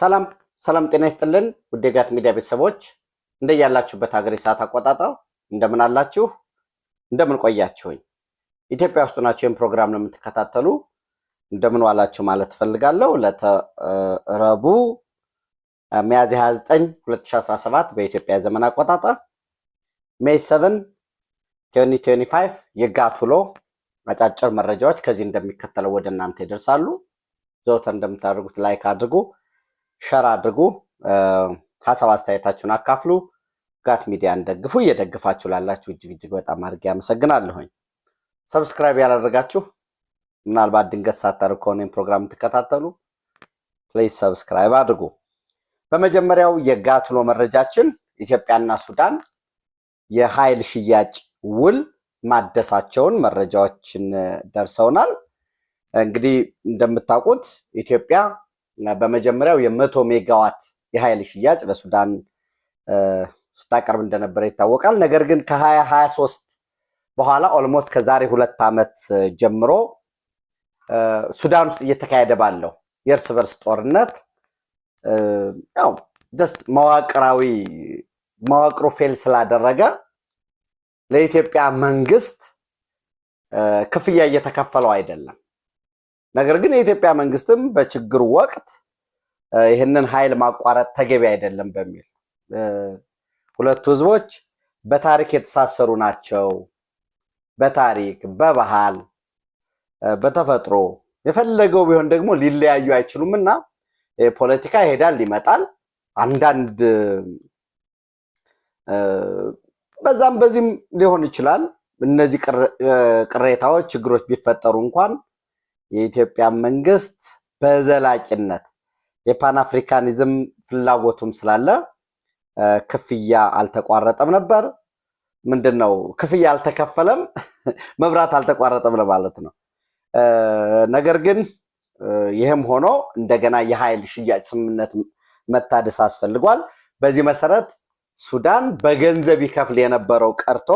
ሰላም ሰላም፣ ጤና ይስጥልን ውድ የጋት ሚዲያ ቤተሰቦች እንደያላችሁበት ሀገር የሰዓት አቆጣጠር እንደምን አላችሁ? እንደምን ቆያችሁኝ? ኢትዮጵያ ውስጥ ናችሁ ይህን ፕሮግራም ነው የምትከታተሉ፣ እንደምን ዋላችሁ ማለት እፈልጋለሁ። ለተረቡ ሚያዝያ 29 2017 በኢትዮጵያ ዘመን አቆጣጠር ሜይ 7 2025 የጋት ውሎ አጫጭር መረጃዎች ከዚህ እንደሚከተለው ወደ እናንተ ይደርሳሉ። ዘወትር እንደምታደርጉት ላይክ አድርጉ። ሸር አድርጉ፣ ሀሳብ አስተያየታችሁን አካፍሉ፣ ጋት ሚዲያን ደግፉ። እየደግፋችሁ ላላችሁ እጅግ እጅግ በጣም አድርጌ አመሰግናለሁኝ። ሰብስክራይብ ያላደረጋችሁ ምናልባት ድንገት ሳታደርግ ከሆነ ፕሮግራም የምትከታተሉ ፕሌስ ሰብስክራይብ አድርጉ። በመጀመሪያው የጋት ውሎ መረጃችን ኢትዮጵያና ሱዳን የኃይል ሽያጭ ውል ማደሳቸውን መረጃዎችን ደርሰውናል። እንግዲህ እንደምታውቁት ኢትዮጵያ በመጀመሪያው የመቶ ሜጋዋት የኃይል ሽያጭ ለሱዳን ስታቀርብ እንደነበረ ይታወቃል። ነገር ግን ከ2023 በኋላ ኦልሞስት ከዛሬ ሁለት ዓመት ጀምሮ ሱዳን ውስጥ እየተካሄደ ባለው የእርስ በርስ ጦርነት ያው ጀስት መዋቅራዊ መዋቅሩ ፌል ስላደረገ ለኢትዮጵያ መንግስት ክፍያ እየተከፈለው አይደለም። ነገር ግን የኢትዮጵያ መንግስትም በችግሩ ወቅት ይህንን ኃይል ማቋረጥ ተገቢ አይደለም በሚል ሁለቱ ህዝቦች በታሪክ የተሳሰሩ ናቸው። በታሪክ በባህል በተፈጥሮ የፈለገው ቢሆን ደግሞ ሊለያዩ አይችሉም እና ፖለቲካ ይሄዳል ይመጣል። አንዳንድ በዛም በዚህም ሊሆን ይችላል። እነዚህ ቅሬታዎች፣ ችግሮች ቢፈጠሩ እንኳን የኢትዮጵያ መንግስት በዘላቂነት የፓን አፍሪካኒዝም ፍላጎቱም ስላለ ክፍያ አልተቋረጠም ነበር። ምንድን ነው ክፍያ አልተከፈለም፣ መብራት አልተቋረጠም ለማለት ነው። ነገር ግን ይህም ሆኖ እንደገና የኃይል ሽያጭ ስምምነት መታደስ አስፈልጓል። በዚህ መሰረት ሱዳን በገንዘብ ይከፍል የነበረው ቀርቶ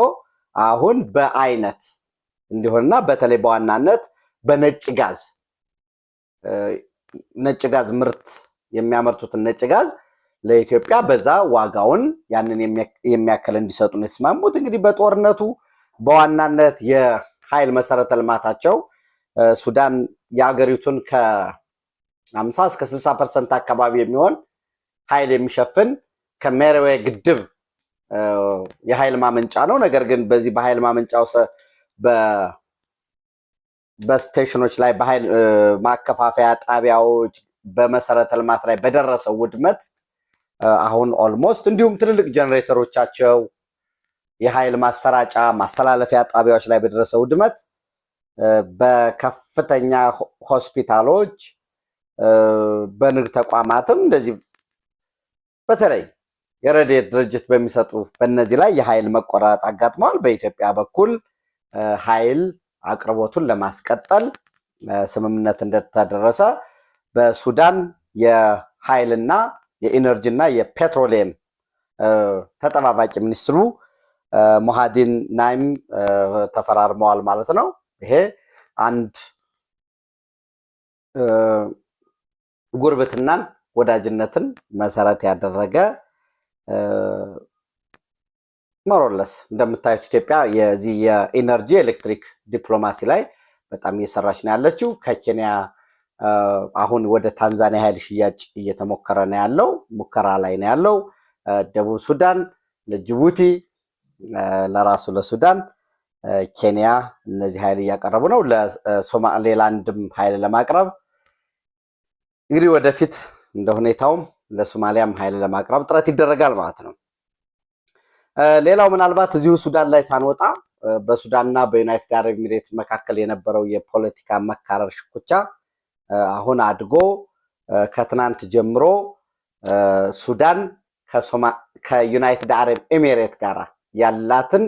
አሁን በአይነት እንዲሆንና በተለይ በዋናነት በነጭ ጋዝ ነጭ ጋዝ ምርት የሚያመርቱትን ነጭ ጋዝ ለኢትዮጵያ በዛ ዋጋውን ያንን የሚያክል እንዲሰጡ ነው የተስማሙት። እንግዲህ በጦርነቱ በዋናነት የኃይል መሰረተ ልማታቸው ሱዳን የሀገሪቱን ከ50 እስከ 60 ፐርሰንት አካባቢ የሚሆን ኃይል የሚሸፍን ከሜሬዌ ግድብ የኃይል ማመንጫ ነው። ነገር ግን በዚህ በኃይል ማመንጫው በስቴሽኖች ላይ በኃይል ማከፋፈያ ጣቢያዎች በመሰረተ ልማት ላይ በደረሰው ውድመት አሁን ኦልሞስት እንዲሁም ትልልቅ ጀኔሬተሮቻቸው የኃይል ማሰራጫ ማስተላለፊያ ጣቢያዎች ላይ በደረሰው ውድመት በከፍተኛ ሆስፒታሎች፣ በንግድ ተቋማትም እንደዚህ በተለይ የረድኤት ድርጅት በሚሰጡ በእነዚህ ላይ የኃይል መቆራረጥ አጋጥመዋል። በኢትዮጵያ በኩል ኃይል አቅርቦቱን ለማስቀጠል ስምምነት እንደተደረሰ በሱዳን የኃይልና የኢነርጂና የፔትሮሊየም ተጠባባቂ ሚኒስትሩ ሞሃዲን ናይም ተፈራርመዋል ማለት ነው። ይሄ አንድ ጉርብትናን፣ ወዳጅነትን መሰረት ያደረገ መሮለስ እንደምታዩት ኢትዮጵያ የዚህ የኢነርጂ ኤሌክትሪክ ዲፕሎማሲ ላይ በጣም እየሰራች ነው ያለችው። ከኬንያ አሁን ወደ ታንዛኒያ ኃይል ሽያጭ እየተሞከረ ነው ያለው፣ ሙከራ ላይ ነው ያለው። ደቡብ ሱዳን ለጅቡቲ፣ ለራሱ ለሱዳን፣ ኬንያ እነዚህ ኃይል እያቀረቡ ነው። ለሶማሌላንድም ኃይል ለማቅረብ እንግዲህ ወደፊት እንደ ሁኔታውም ለሶማሊያም ኃይል ለማቅረብ ጥረት ይደረጋል ማለት ነው። ሌላው ምናልባት እዚሁ ሱዳን ላይ ሳንወጣ በሱዳንና በዩናይትድ አረብ ኤሚሬት መካከል የነበረው የፖለቲካ መካረር ሽኩቻ አሁን አድጎ ከትናንት ጀምሮ ሱዳን ከዩናይትድ አረብ ኤሚሬት ጋር ያላትን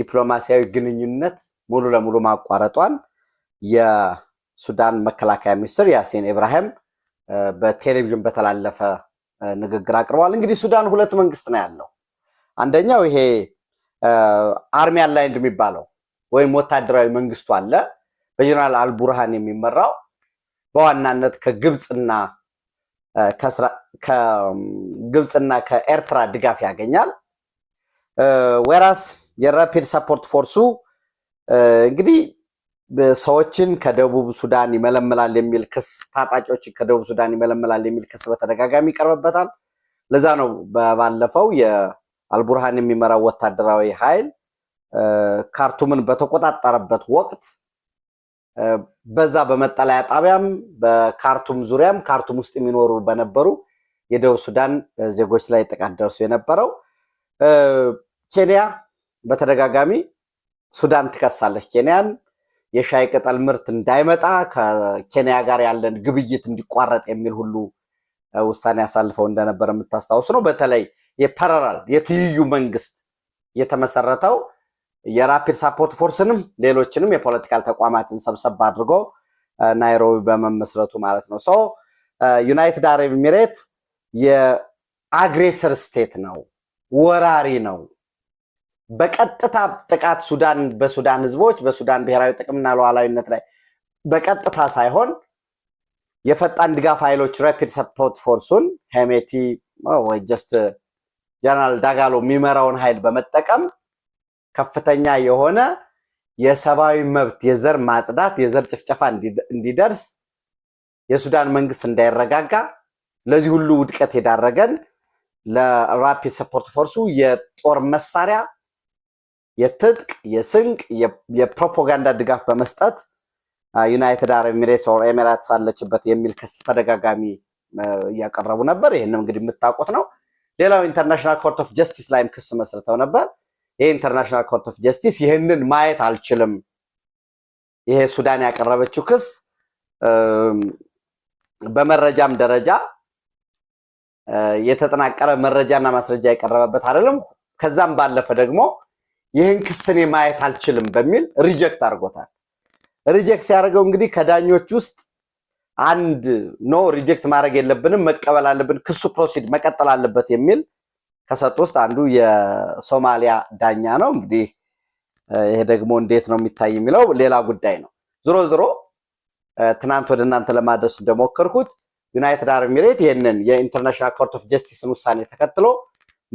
ዲፕሎማሲያዊ ግንኙነት ሙሉ ለሙሉ ማቋረጧን የሱዳን መከላከያ ሚኒስትር ያሴን ኢብራሂም በቴሌቪዥን በተላለፈ ንግግር አቅርበዋል። እንግዲህ ሱዳን ሁለት መንግስት ነው ያለው። አንደኛው ይሄ አርሚ አላይንድ የሚባለው ወይም ወታደራዊ መንግስቱ አለ በጀነራል አልቡርሃን የሚመራው በዋናነት ከግብፅና ከግብፅና ከኤርትራ ድጋፍ ያገኛል። ወራስ የራፒድ ሰፖርት ፎርሱ እንግዲህ ሰዎችን ከደቡብ ሱዳን ይመለምላል የሚል ክስ ታጣቂዎችን ከደቡብ ሱዳን ይመለምላል የሚል ክስ በተደጋጋሚ ይቀርብበታል። ለዛ ነው ባለፈው አልቡርሃን የሚመራው ወታደራዊ ኃይል ካርቱምን በተቆጣጠረበት ወቅት በዛ በመጠለያ ጣቢያም በካርቱም ዙሪያም ካርቱም ውስጥ የሚኖሩ በነበሩ የደቡብ ሱዳን ዜጎች ላይ ጥቃት ደርሶ የነበረው ኬንያ በተደጋጋሚ ሱዳን ትከሳለች። ኬንያን የሻይ ቅጠል ምርት እንዳይመጣ ከኬንያ ጋር ያለን ግብይት እንዲቋረጥ የሚል ሁሉ ውሳኔ አሳልፈው እንደነበረ የምታስታውስ ነው። በተለይ የፓራራል የትይዩ መንግስት የተመሰረተው የራፒድ ሳፖርት ፎርስንም ሌሎችንም የፖለቲካል ተቋማትን ሰብሰብ አድርጎ ናይሮቢ በመመስረቱ ማለት ነው። ሰው ዩናይትድ አረብ ኤሚሬት የአግሬሰር ስቴት ነው፣ ወራሪ ነው። በቀጥታ ጥቃት ሱዳን በሱዳን ህዝቦች በሱዳን ብሔራዊ ጥቅምና ሉዓላዊነት ላይ በቀጥታ ሳይሆን የፈጣን ድጋፍ ኃይሎች ራፒድ ሰፖርት ፎርሱን ሄሜቲ ወይ ጀስት ጀነራል ዳጋሎ የሚመራውን ኃይል በመጠቀም ከፍተኛ የሆነ የሰብአዊ መብት የዘር ማጽዳት፣ የዘር ጭፍጨፋ እንዲደርስ የሱዳን መንግስት እንዳይረጋጋ ለዚህ ሁሉ ውድቀት የዳረገን ለራፒድ ሰፖርት ፎርሱ የጦር መሳሪያ፣ የትጥቅ፣ የስንቅ፣ የፕሮፓጋንዳ ድጋፍ በመስጠት ዩናይትድ አረብ ኤሚሬትስ ኦር ኤሚራትስ አለችበት የሚል ክስ ተደጋጋሚ እያቀረቡ ነበር። ይህንም እንግዲህ የምታውቁት ነው። ሌላው ኢንተርናሽናል ኮርት ኦፍ ጀስቲስ ላይም ክስ መስርተው ነበር። ይሄ ኢንተርናሽናል ኮርት ኦፍ ጀስቲስ ይህንን ማየት አልችልም፣ ይሄ ሱዳን ያቀረበችው ክስ በመረጃም ደረጃ የተጠናቀረ መረጃና ማስረጃ የቀረበበት አይደለም፣ ከዛም ባለፈ ደግሞ ይህን ክስ እኔ ማየት አልችልም በሚል ሪጀክት አድርጎታል። ሪጀክት ሲያደርገው እንግዲህ ከዳኞች ውስጥ አንድ ኖ ሪጀክት ማድረግ የለብንም መቀበል አለብን፣ ክሱ ፕሮሲድ መቀጠል አለበት የሚል ከሰጡ ውስጥ አንዱ የሶማሊያ ዳኛ ነው። እንግዲህ ይሄ ደግሞ እንዴት ነው የሚታይ የሚለው ሌላ ጉዳይ ነው። ዝሮ ዝሮ ትናንት ወደ እናንተ ለማድረስ እንደሞከርኩት ዩናይትድ አረብ ኤሚሬት ይህንን የኢንተርናሽናል ኮርት ኦፍ ጀስቲስን ውሳኔ ተከትሎ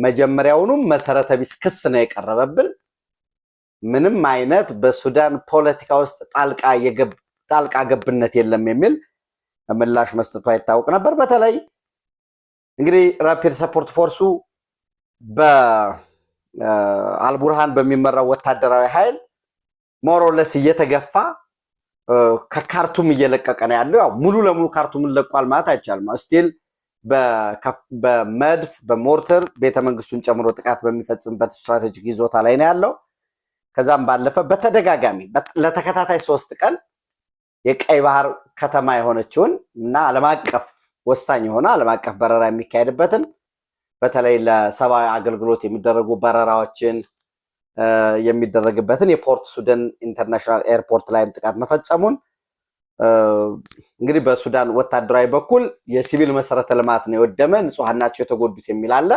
መጀመሪያውኑም መሰረተ ቢስ ክስ ነው የቀረበብን። ምንም አይነት በሱዳን ፖለቲካ ውስጥ ጣልቃ ገብነት የለም የሚል ምላሽ መስጠቷ ይታወቅ ነበር። በተለይ እንግዲህ ራፒድ ሰፖርት ፎርሱ በአልቡርሃን በሚመራው ወታደራዊ ኃይል ሞሮለስ እየተገፋ ከካርቱም እየለቀቀ ነው ያለው። ያው ሙሉ ለሙሉ ካርቱምን ለቋል ማለት አይቻልም። ስቲል በመድፍ በሞርተር ቤተመንግስቱን ጨምሮ ጥቃት በሚፈጽምበት ስትራቴጂክ ይዞታ ላይ ነው ያለው። ከዛም ባለፈ በተደጋጋሚ ለተከታታይ ሶስት ቀን የቀይ ባህር ከተማ የሆነችውን እና ዓለም አቀፍ ወሳኝ የሆነ ዓለም አቀፍ በረራ የሚካሄድበትን በተለይ ለሰብአዊ አገልግሎት የሚደረጉ በረራዎችን የሚደረግበትን የፖርት ሱዳን ኢንተርናሽናል ኤርፖርት ላይም ጥቃት መፈጸሙን እንግዲህ በሱዳን ወታደራዊ በኩል የሲቪል መሰረተ ልማት ነው የወደመ፣ ንጹሐን ናቸው የተጎዱት የሚል አለ።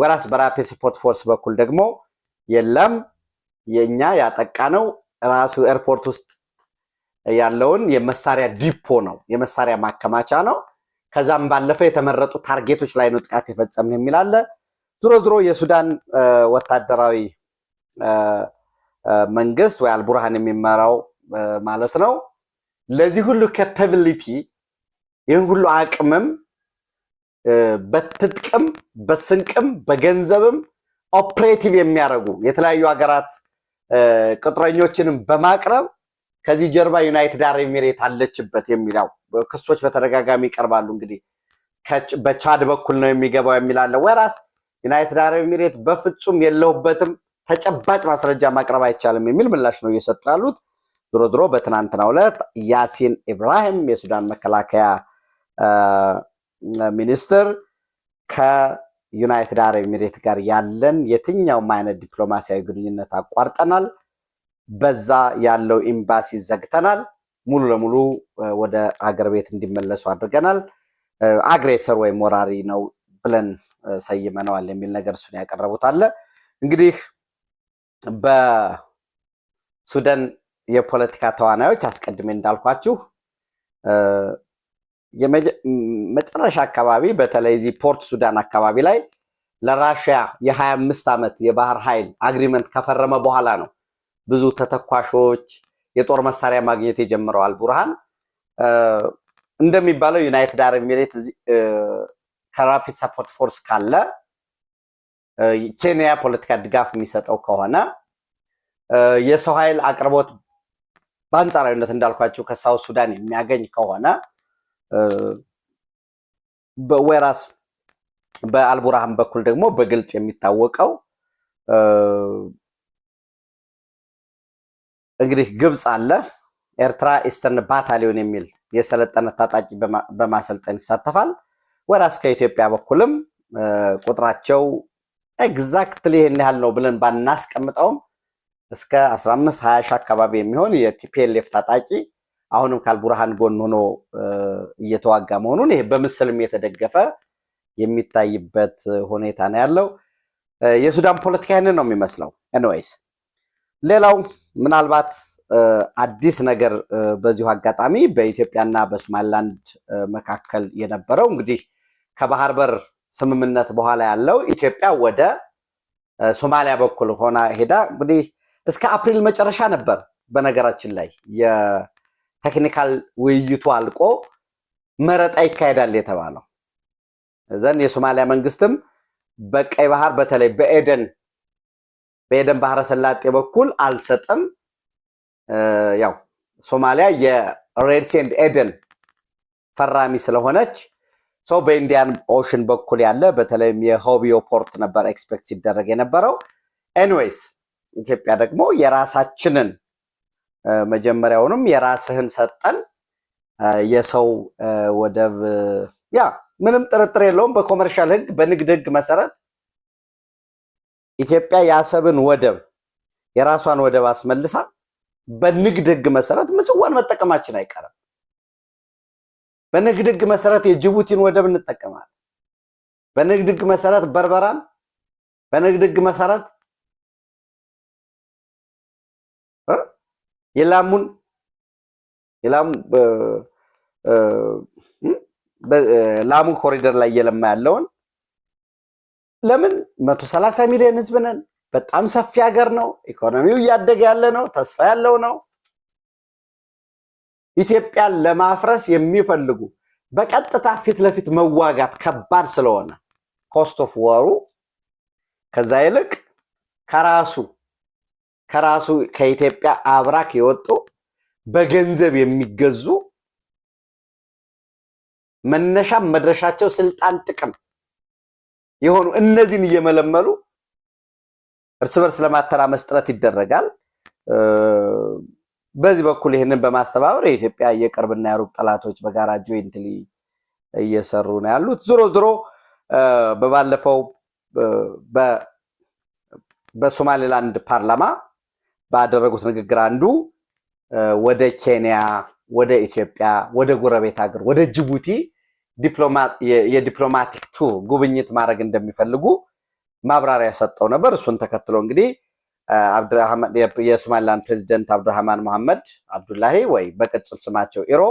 ወራስ በራፒድ ስፖርት ፎርስ በኩል ደግሞ የለም የእኛ ያጠቃ ነው ራሱ ኤርፖርት ውስጥ ያለውን የመሳሪያ ዲፖ ነው፣ የመሳሪያ ማከማቻ ነው። ከዛም ባለፈ የተመረጡ ታርጌቶች ላይ ነው ጥቃት የፈጸምን የሚላለ አለ። ዞሮ የሱዳን ወታደራዊ መንግስት ወይ አልቡርሃን የሚመራው ማለት ነው ለዚህ ሁሉ ካፓቢሊቲ ይህን ሁሉ አቅምም በትጥቅም በስንቅም በገንዘብም ኦፕሬቲቭ የሚያደርጉ የተለያዩ ሀገራት ቅጥረኞችንም በማቅረብ ከዚህ ጀርባ ዩናይትድ አረብ ኤሚሬት አለችበት የሚለው ክሶች በተደጋጋሚ ይቀርባሉ። እንግዲህ በቻድ በኩል ነው የሚገባው የሚላለው ወራስ ዩናይትድ አረብ ኤሚሬት በፍጹም የለሁበትም፣ ተጨባጭ ማስረጃ ማቅረብ አይቻልም የሚል ምላሽ ነው እየሰጡ ያሉት። ዞሮ ዞሮ በትናንትናው ዕለት ያሲን ኢብራሂም የሱዳን መከላከያ ሚኒስትር ከዩናይትድ አረብ ኤሚሬት ጋር ያለን የትኛውም አይነት ዲፕሎማሲያዊ ግንኙነት አቋርጠናል በዛ ያለው ኤምባሲ ዘግተናል። ሙሉ ለሙሉ ወደ አገር ቤት እንዲመለሱ አድርገናል። አግሬሰር ወይም ወራሪ ነው ብለን ሰይመነዋል የሚል ነገር እሱን ያቀረቡት አለ። እንግዲህ በሱዳን የፖለቲካ ተዋናዮች አስቀድሜ እንዳልኳችሁ መጨረሻ አካባቢ በተለይ እዚህ ፖርት ሱዳን አካባቢ ላይ ለራሽያ የ25 ዓመት የባህር ኃይል አግሪመንት ከፈረመ በኋላ ነው ብዙ ተተኳሾች፣ የጦር መሳሪያ ማግኘት የጀምረዋል። ቡርሃን እንደሚባለው ዩናይትድ አረብ ኤሚሬት ከራፒድ ሰፖርት ፎርስ ካለ ኬንያ ፖለቲካ ድጋፍ የሚሰጠው ከሆነ የሰው ኃይል አቅርቦት በአንጻራዊነት እንዳልኳቸው ከሳውት ሱዳን የሚያገኝ ከሆነ ወይራስ በአልቡርሃን በኩል ደግሞ በግልጽ የሚታወቀው እንግዲህ ግብፅ አለ ኤርትራ ኢስተርን ባታሊዮን የሚል የሰለጠነ ታጣቂ በማሰልጠን ይሳተፋል። ወራስ ከኢትዮጵያ በኩልም ቁጥራቸው ኤግዛክትሊ ይህን ያህል ነው ብለን ባናስቀምጠውም እስከ 15 20 ሺህ አካባቢ የሚሆን የቲፒኤልኤፍ ታጣቂ አሁንም ካልቡርሃን ጎን ሆኖ እየተዋጋ መሆኑን ይሄ በምስልም የተደገፈ የሚታይበት ሁኔታ ነው ያለው። የሱዳን ፖለቲካ ይህንን ነው የሚመስለው። ኤኒዌይስ ሌላው ምናልባት አዲስ ነገር በዚሁ አጋጣሚ በኢትዮጵያና በሶማሊላንድ መካከል የነበረው እንግዲህ ከባህር በር ስምምነት በኋላ ያለው ኢትዮጵያ ወደ ሶማሊያ በኩል ሆና ሄዳ እንግዲህ እስከ አፕሪል መጨረሻ ነበር። በነገራችን ላይ የቴክኒካል ውይይቱ አልቆ መረጣ ይካሄዳል የተባለው ዘንድ የሶማሊያ መንግስትም በቀይ ባህር በተለይ በኤደን በኤደን ባህረ ሰላጤ በኩል አልሰጥም። ያው ሶማሊያ የሬድ ሴንድ ኤደን ፈራሚ ስለሆነች ሰው በኢንዲያን ኦሽን በኩል ያለ በተለይም የሆቢዮ ፖርት ነበር ኤክስፔክት ሲደረግ የነበረው። ኤንዌይስ ኢትዮጵያ ደግሞ የራሳችንን መጀመሪያውንም የራስህን ሰጠን የሰው ወደብ ያ ምንም ጥርጥር የለውም። በኮመርሻል ህግ በንግድ ህግ መሰረት ኢትዮጵያ የአሰብን ወደብ የራሷን ወደብ አስመልሳ በንግድ ህግ መሰረት ምጽዋን መጠቀማችን አይቀርም። በንግድ ህግ መሰረት የጅቡቲን ወደብ እንጠቀማለን። በንግድ ህግ መሰረት በርበራን፣ በንግድ ህግ መሰረት የላሙን ላሙ ኮሪደር ላይ እየለማ ያለውን ለምን መቶ ሰላሳ ሚሊዮን ህዝብ ነን። በጣም ሰፊ ሀገር ነው። ኢኮኖሚው እያደገ ያለ ነው። ተስፋ ያለው ነው። ኢትዮጵያን ለማፍረስ የሚፈልጉ በቀጥታ ፊት ለፊት መዋጋት ከባድ ስለሆነ ኮስት ኦፍ ወሩ ከዛ ይልቅ ከራሱ ከራሱ ከኢትዮጵያ አብራክ የወጡ በገንዘብ የሚገዙ መነሻም መድረሻቸው ስልጣን ጥቅም የሆኑ እነዚህን እየመለመሉ እርስ በርስ ለማተራመስ ጥረት ይደረጋል። በዚህ በኩል ይህንን በማስተባበር የኢትዮጵያ የቅርብና የሩቅ ጠላቶች በጋራ ጆይንትሊ እየሰሩ ነው ያሉት። ዞሮ ዞሮ በባለፈው በሶማሌላንድ ፓርላማ ባደረጉት ንግግር አንዱ ወደ ኬንያ፣ ወደ ኢትዮጵያ፣ ወደ ጎረቤት ሀገር ወደ ጅቡቲ የዲፕሎማቲክ ቱ ጉብኝት ማድረግ እንደሚፈልጉ ማብራሪያ ሰጠው ነበር። እሱን ተከትሎ እንግዲህ የሶማሊላንድ ፕሬዚደንት አብዱራህማን መሐመድ አብዱላሂ ወይ በቅጽል ስማቸው ኢሮ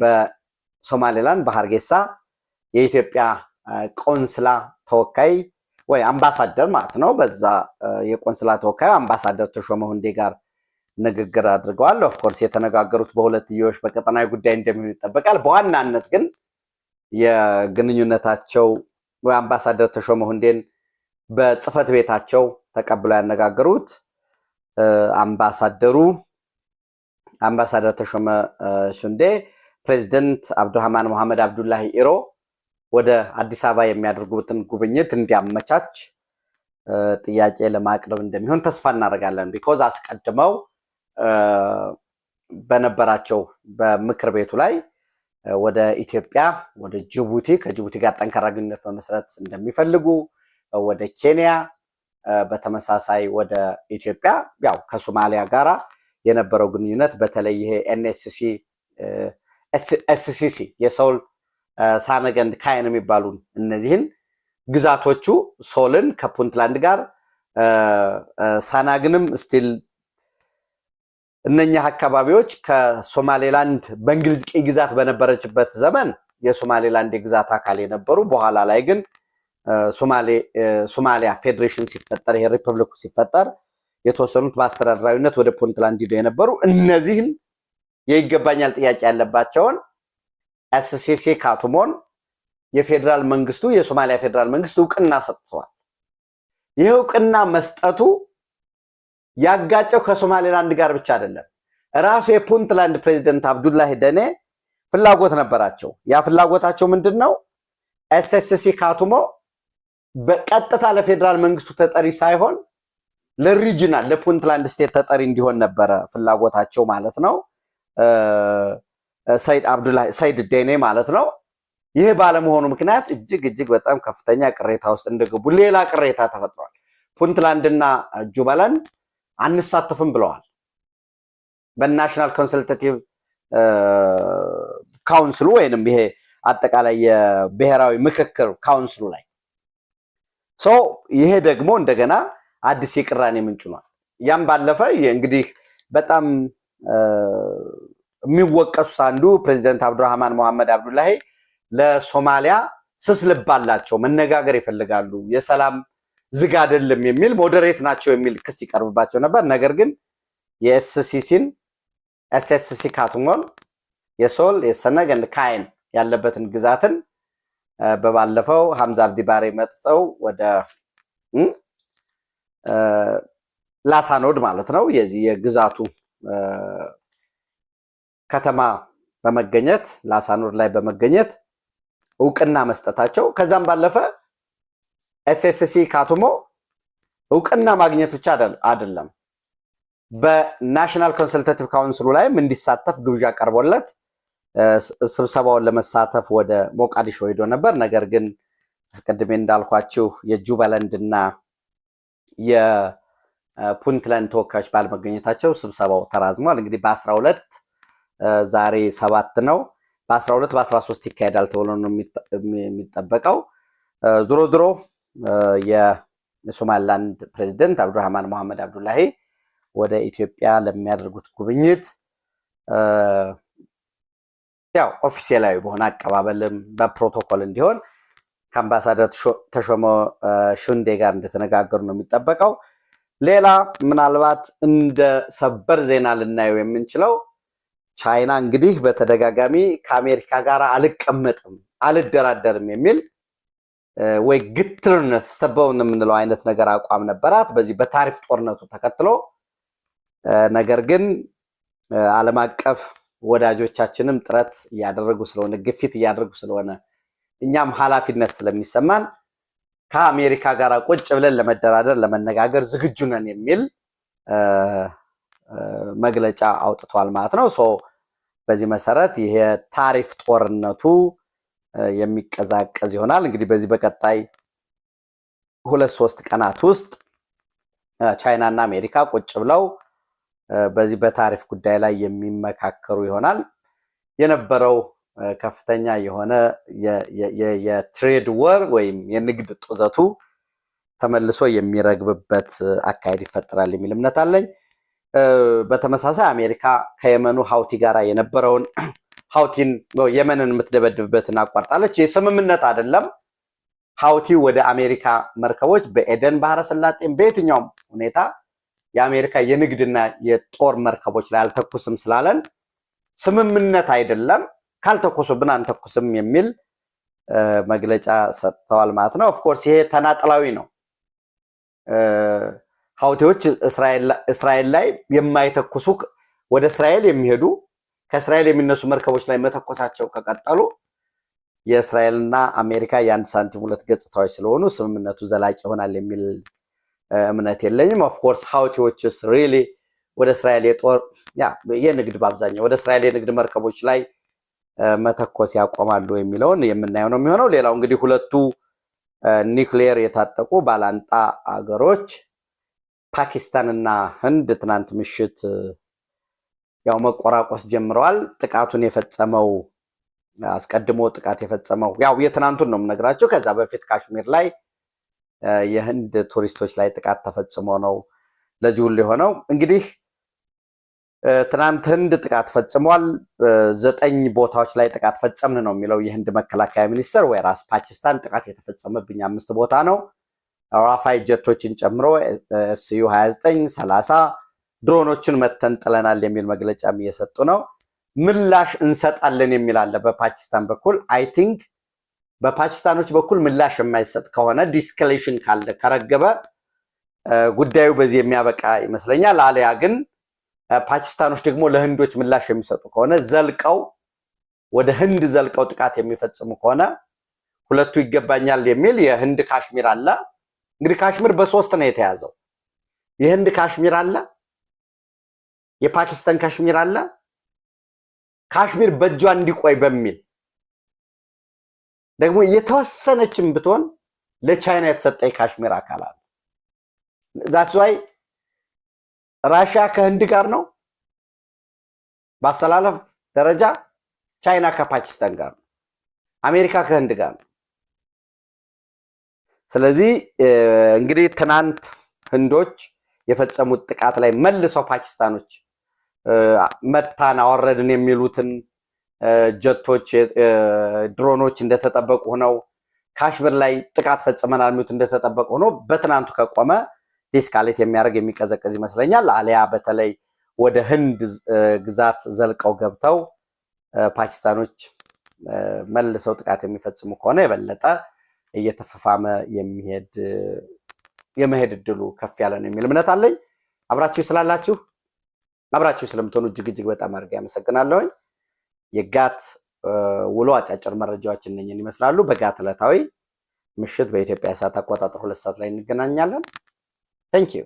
በሶማሌላንድ በሀርጌሳ የኢትዮጵያ ቆንስላ ተወካይ ወይ አምባሳደር ማለት ነው። በዛ የቆንስላ ተወካዩ አምባሳደር ተሾመ ሁንዴ ጋር ንግግር አድርገዋል። ኦፍኮርስ የተነጋገሩት በሁለትዮሽ በቀጠናዊ ጉዳይ እንደሚሆን ይጠበቃል። በዋናነት ግን የግንኙነታቸው አምባሳደር ተሾመ ሁንዴን በጽህፈት ቤታቸው ተቀብለው ያነጋገሩት አምባሳደሩ አምባሳደር ተሾመ ሱንዴ ፕሬዚደንት አብዱርሃማን መሐመድ አብዱላሂ ኢሮ ወደ አዲስ አበባ የሚያደርጉትን ጉብኝት እንዲያመቻች ጥያቄ ለማቅረብ እንደሚሆን ተስፋ እናደርጋለን። ቢኮዝ አስቀድመው በነበራቸው በምክር ቤቱ ላይ ወደ ኢትዮጵያ ወደ ጅቡቲ ከጅቡቲ ጋር ጠንካራ ግንኙነት መመስረት እንደሚፈልጉ ወደ ኬንያ በተመሳሳይ ወደ ኢትዮጵያ ያው ከሶማሊያ ጋር የነበረው ግንኙነት በተለይ ይሄ ኤንኤስሲ ኤስሲሲ የሶል ሳነገንድ ካይን የሚባሉን እነዚህን ግዛቶቹ ሶልን ከፑንትላንድ ጋር ሳናግንም ስቲል እነኛህ አካባቢዎች ከሶማሌላንድ በእንግሊዝ ቅኝ ግዛት በነበረችበት ዘመን የሶማሌላንድ የግዛት አካል የነበሩ በኋላ ላይ ግን ሶማሊያ ፌዴሬሽን ሲፈጠር ይሄ ሪፐብሊኩ ሲፈጠር የተወሰኑት በአስተዳደራዊነት ወደ ፑንትላንድ ሄደው የነበሩ እነዚህን የይገባኛል ጥያቄ ያለባቸውን ኤስሴሴ ካቱሞን የፌዴራል መንግስቱ የሶማሊያ ፌዴራል መንግስት እውቅና ሰጥተዋል። ይህ እውቅና መስጠቱ ያጋጨው ከሶማሌላንድ ጋር ብቻ አይደለም። ራሱ የፑንትላንድ ፕሬዚደንት አብዱላሂ ደኔ ፍላጎት ነበራቸው። ያ ፍላጎታቸው ምንድን ነው? ኤስኤስሲ ካቱሞ በቀጥታ ለፌዴራል መንግስቱ ተጠሪ ሳይሆን ለሪጅናል ለፑንትላንድ ስቴት ተጠሪ እንዲሆን ነበረ ፍላጎታቸው ማለት ነው። ሰይድ ዴኔ ማለት ነው። ይህ ባለመሆኑ ምክንያት እጅግ እጅግ በጣም ከፍተኛ ቅሬታ ውስጥ እንደገቡ ሌላ ቅሬታ ተፈጥሯል። ፑንትላንድና ጁባላንድ አንሳተፍም ብለዋል። በናሽናል ኮንሰልታቲቭ ካውንስሉ ወይንም ይሄ አጠቃላይ የብሔራዊ ምክክር ካውንስሉ ላይ ሶ ይሄ ደግሞ እንደገና አዲስ የቅራኔ ምንጭ ኗል። ያም ባለፈ እንግዲህ በጣም የሚወቀሱት አንዱ ፕሬዚደንት አብዱራህማን መሐመድ አብዱላሂ ለሶማሊያ ስስ ልብ አላቸው፣ መነጋገር ይፈልጋሉ የሰላም ዝግ አይደለም የሚል ሞዴሬት ናቸው የሚል ክስ ይቀርብባቸው ነበር። ነገር ግን የኤስሲሲን ኤስኤስሲ ካትንጎን የሶል የሰነገን ካይን ያለበትን ግዛትን በባለፈው ሀምዛ አብዲባሬ መጥተው ወደ ላሳኖድ ማለት ነው የዚህ የግዛቱ ከተማ በመገኘት ላሳኖድ ላይ በመገኘት እውቅና መስጠታቸው ከዛም ባለፈ ኤስኤስሲ ካትሞ እውቅና ማግኘት ብቻ አይደለም፣ በናሽናል ኮንሰልታቲቭ ካውንስሉ ላይም እንዲሳተፍ ግብዣ ቀርቦለት ስብሰባውን ለመሳተፍ ወደ ሞቃዲሾ ሄዶ ነበር። ነገር ግን አስቀድሜ እንዳልኳችሁ የጁባላንድ እና የፑንትላንድ ተወካዮች ባለመገኘታቸው ስብሰባው ተራዝሟል። እንግዲህ በ12 ዛሬ ሰባት ነው። በ በ12 በ13 ይካሄዳል ተብሎ ነው የሚጠበቀው ዞሮ ዞሮ የሶማሊላንድ ፕሬዚደንት አብዱራህማን ሞሐመድ አብዱላሂ ወደ ኢትዮጵያ ለሚያደርጉት ጉብኝት ያው ኦፊሴላዊ በሆነ አቀባበልም በፕሮቶኮል እንዲሆን ከአምባሳደር ተሾመ ሹንዴ ጋር እንደተነጋገሩ ነው የሚጠበቀው። ሌላ ምናልባት እንደ ሰበር ዜና ልናየው የምንችለው ቻይና እንግዲህ በተደጋጋሚ ከአሜሪካ ጋር አልቀመጥም፣ አልደራደርም የሚል ወይ ግትርነት ስተበውን የምንለው አይነት ነገር አቋም ነበራት በዚህ በታሪፍ ጦርነቱ ተከትሎ። ነገር ግን ዓለም አቀፍ ወዳጆቻችንም ጥረት እያደረጉ ስለሆነ ግፊት እያደረጉ ስለሆነ እኛም ኃላፊነት ስለሚሰማን ከአሜሪካ ጋር ቁጭ ብለን ለመደራደር ለመነጋገር ዝግጁ ነን የሚል መግለጫ አውጥቷል ማለት ነው። በዚህ መሰረት ይሄ ታሪፍ ጦርነቱ የሚቀዛቀዝ ይሆናል። እንግዲህ በዚህ በቀጣይ ሁለት ሶስት ቀናት ውስጥ ቻይና እና አሜሪካ ቁጭ ብለው በዚህ በታሪፍ ጉዳይ ላይ የሚመካከሩ ይሆናል። የነበረው ከፍተኛ የሆነ የትሬድ ወር ወይም የንግድ ጡዘቱ ተመልሶ የሚረግብበት አካሄድ ይፈጠራል የሚል እምነት አለኝ። በተመሳሳይ አሜሪካ ከየመኑ ሀውቲ ጋራ የነበረውን ሀውቲን የመንን የምትደበድብበትን አቋርጣለች። የስምምነት አይደለም። ሀውቲ ወደ አሜሪካ መርከቦች በኤደን ባህረ ሰላጤን በየትኛውም ሁኔታ የአሜሪካ የንግድና የጦር መርከቦች ላይ አልተኩስም ስላለን ስምምነት አይደለም፣ ካልተኩሱብን አንተኩስም የሚል መግለጫ ሰጥተዋል ማለት ነው። ኦፍኮርስ ይሄ ተናጥላዊ ነው። ሀውቲዎች እስራኤል ላይ የማይተኩሱ ወደ እስራኤል የሚሄዱ ከእስራኤል የሚነሱ መርከቦች ላይ መተኮሳቸው ከቀጠሉ የእስራኤልና አሜሪካ የአንድ ሳንቲም ሁለት ገጽታዎች ስለሆኑ ስምምነቱ ዘላቂ ይሆናል የሚል እምነት የለኝም። ኦፍኮርስ ሀውቲዎችስ ሪሊ ወደ እስራኤል የጦር የንግድ በአብዛኛው ወደ እስራኤል የንግድ መርከቦች ላይ መተኮስ ያቆማሉ የሚለውን የምናየው ነው የሚሆነው። ሌላው እንግዲህ ሁለቱ ኒክሌር የታጠቁ ባላንጣ አገሮች ፓኪስታን እና ህንድ ትናንት ምሽት ያው መቆራቆስ ጀምረዋል። ጥቃቱን የፈጸመው አስቀድሞ ጥቃት የፈጸመው ያው የትናንቱን ነው የምነግራቸው። ከዛ በፊት ካሽሚር ላይ የህንድ ቱሪስቶች ላይ ጥቃት ተፈጽሞ ነው ለዚህ ሁሉ የሆነው። እንግዲህ ትናንት ህንድ ጥቃት ፈጽሟል። ዘጠኝ ቦታዎች ላይ ጥቃት ፈጸምን ነው የሚለው የህንድ መከላከያ ሚኒስትር። ወይራስ ፓኪስታን ጥቃት የተፈጸመብኝ አምስት ቦታ ነው ራፋይ ጀቶችን ጨምሮ ኤስዩ 29 30 ድሮኖችን መተን ጥለናል የሚል መግለጫም እየሰጡ ነው። ምላሽ እንሰጣለን የሚል አለ በፓኪስታን በኩል አይ ቲንክ በፓኪስታኖች በኩል ምላሽ የማይሰጥ ከሆነ ዲስክሌሽን ካለ ከረገበ ጉዳዩ በዚህ የሚያበቃ ይመስለኛል። አሊያ ግን ፓኪስታኖች ደግሞ ለህንዶች ምላሽ የሚሰጡ ከሆነ ዘልቀው ወደ ህንድ ዘልቀው ጥቃት የሚፈጽሙ ከሆነ ሁለቱ ይገባኛል የሚል የህንድ ካሽሚር አለ። እንግዲህ ካሽሚር በሶስት ነው የተያዘው። የህንድ ካሽሚር አለ፣ የፓኪስታን ካሽሚር አለ ካሽሚር በእጇ እንዲቆይ በሚል ደግሞ የተወሰነችም ብትሆን ለቻይና የተሰጠ የካሽሚር አካል አለ። ዛትስ ዋይ ራሽያ ከህንድ ጋር ነው በአሰላለፍ ደረጃ፣ ቻይና ከፓኪስታን ጋር ነው፣ አሜሪካ ከህንድ ጋር ነው። ስለዚህ እንግዲህ ትናንት ህንዶች የፈጸሙት ጥቃት ላይ መልሰው ፓኪስታኖች መታን አወረድን የሚሉትን ጀቶች፣ ድሮኖች እንደተጠበቁ ሆነው ካሽምር ላይ ጥቃት ፈጽመናል የሚሉት እንደተጠበቁ ሆኖ በትናንቱ ከቆመ ዲስካሌት የሚያደርግ የሚቀዘቀዝ ይመስለኛል። አሊያ በተለይ ወደ ህንድ ግዛት ዘልቀው ገብተው ፓኪስታኖች መልሰው ጥቃት የሚፈጽሙ ከሆነ የበለጠ እየተፈፋመ የሚሄድ የመሄድ እድሉ ከፍ ያለ ነው የሚል እምነት አለኝ። አብራችሁ ስላላችሁ አብራችሁ ስለምትሆኑ እጅግ እጅግ በጣም አድርጌ ያመሰግናለሁኝ። የጋት ውሎ አጫጭር መረጃዎች እነኝን ይመስላሉ። በጋት ዕለታዊ ምሽት በኢትዮጵያ ሰዓት አቆጣጠር ሁለት ሰዓት ላይ እንገናኛለን። ታንኪዩ